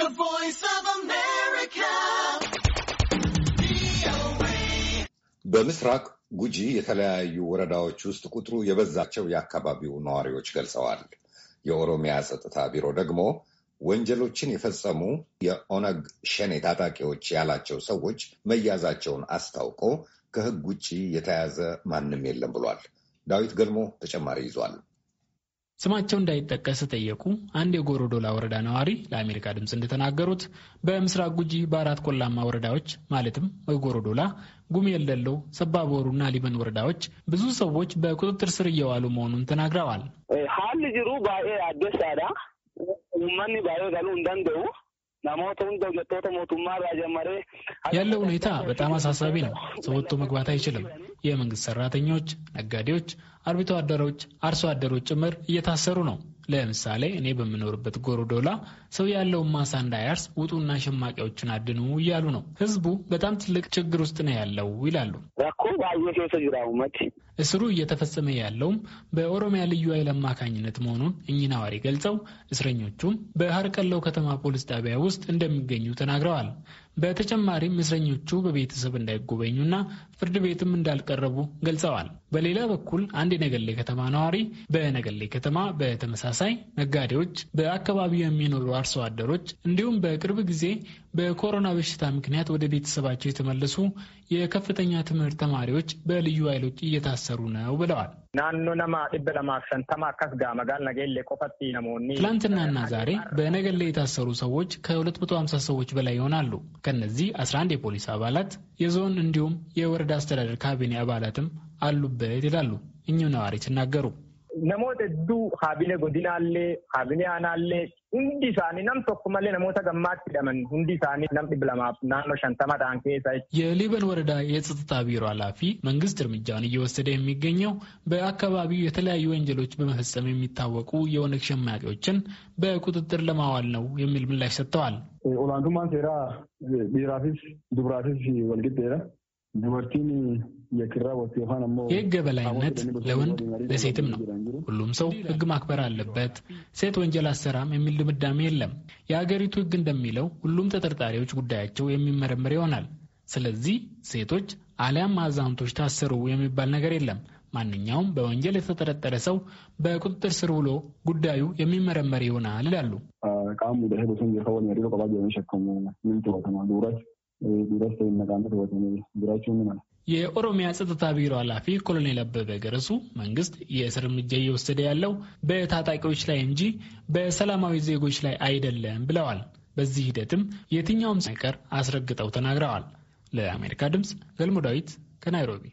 The Voice of America. በምስራቅ ጉጂ የተለያዩ ወረዳዎች ውስጥ ቁጥሩ የበዛቸው የአካባቢው ነዋሪዎች ገልጸዋል። የኦሮሚያ ጸጥታ ቢሮ ደግሞ ወንጀሎችን የፈጸሙ የኦነግ ሸኔ ታጣቂዎች ያላቸው ሰዎች መያዛቸውን አስታውቆ ከሕግ ውጭ የተያዘ ማንም የለም ብሏል። ዳዊት ገልሞ ተጨማሪ ይዟል። ስማቸው እንዳይጠቀስ ጠየቁ አንድ የጎሮዶላ ወረዳ ነዋሪ ለአሜሪካ ድምፅ እንደተናገሩት በምስራቅ ጉጂ በአራት ቆላማ ወረዳዎች ማለትም ጎሮዶላ፣ ጉም የለለው፣ ሰባቦሩ እና ሊበን ወረዳዎች ብዙ ሰዎች በቁጥጥር ስር እየዋሉ መሆኑን ተናግረዋል። ሀል ጅሩ ባኤ አደሳዳ ማኒ ባኤ ጋሉ እንዳንደው ያለው ሁኔታ በጣም አሳሳቢ ነው። ሰው ወጥቶ መግባት አይችልም። የመንግስት ሰራተኞች፣ ነጋዴዎች፣ አርብቶ አደሮች፣ አርሶ አደሮች ጭምር እየታሰሩ ነው። ለምሳሌ እኔ በምኖርበት ጎሮዶላ ሰው ያለውን ማሳ እንዳያርስ ውጡና ሸማቂዎችን አድኑ እያሉ ነው። ህዝቡ በጣም ትልቅ ችግር ውስጥ ነው ያለው ይላሉ። እስሩ እየተፈጸመ ያለውም በኦሮሚያ ልዩ ኃይል አማካኝነት መሆኑን እኚህ ነዋሪ ገልጸው እስረኞቹም በሀርቀለው ከተማ ፖሊስ ጣቢያ ውስጥ እንደሚገኙ ተናግረዋል። በተጨማሪም እስረኞቹ በቤተሰብ እንዳይጎበኙና ፍርድ ቤትም እንዳልቀረቡ ገልጸዋል። በሌላ በኩል አንድ የነገሌ ከተማ ነዋሪ በነገሌ ከተማ በተመሳሳይ ነጋዴዎች፣ በአካባቢው የሚኖሩ አርሶ አደሮች እንዲሁም በቅርብ ጊዜ በኮሮና በሽታ ምክንያት ወደ ቤተሰባቸው የተመለሱ የከፍተኛ ትምህርት ተማሪዎች በልዩ ኃይሎች እየታሰሩ ነው ብለዋል። ናኖ ነማ ጢበ ለማፍ ሸንተማ አካስ ጋ መጋል ነገሌ ቆፈቲ ነሞኒ ትላንትናና ዛሬ በነገሌ የታሰሩ ሰዎች ከ250 ሰዎች በላይ ይሆናሉ። ከነዚህ 11 የፖሊስ አባላት የዞን እንዲሁም የወረዳ አስተዳደር ካቢኔ አባላትም አሉበት ይላሉ እኚሁ ነዋሪ ሲናገሩ namoota hedduu haabilee godinaallee haabilee aanaallee hundi isaanii nam tokko malee namoota gammaatti hidhaman hundi isaanii nam dhibba lamaaf naannoo shantama ta'an keessa የሊበን ወረዳ የጸጥታ ቢሮ ኃላፊ መንግስት እርምጃውን እየወሰደ የሚገኘው በአካባቢው የተለያዩ ወንጀሎች በመፈጸም የሚታወቁ የኦነግ ሸማቂዎችን በቁጥጥር ለማዋል ነው የሚል ምላሽ ሰጥተዋል። ኦላንቱማን ሴራ ዲራፊስ ዱብራፊስ ወልግጤ የህግ የበላይነት ለወንድ ለሴትም ነው። ሁሉም ሰው ህግ ማክበር አለበት፣ ሴት ወንጀል አሰራም የሚል ድምዳሜ የለም። የአገሪቱ ህግ እንደሚለው ሁሉም ተጠርጣሪዎች ጉዳያቸው የሚመረምር ይሆናል። ስለዚህ ሴቶች አሊያም አዛውንቶች ታሰሩ የሚባል ነገር የለም። ማንኛውም በወንጀል የተጠረጠረ ሰው በቁጥጥር ስር ውሎ ጉዳዩ የሚመረመር ይሆናል ይላሉ። ብረት ከሚመጣመት ወደ ግራቸው ምን የኦሮሚያ ጸጥታ ቢሮ ኃላፊ ኮሎኔል አበበ ገረሱ መንግስት የእስር እርምጃ እየወሰደ ያለው በታጣቂዎች ላይ እንጂ በሰላማዊ ዜጎች ላይ አይደለም ብለዋል። በዚህ ሂደትም የትኛውም ሳይቀር አስረግጠው ተናግረዋል። ለአሜሪካ ድምፅ ገልሞ ዳዊት ከናይሮቢ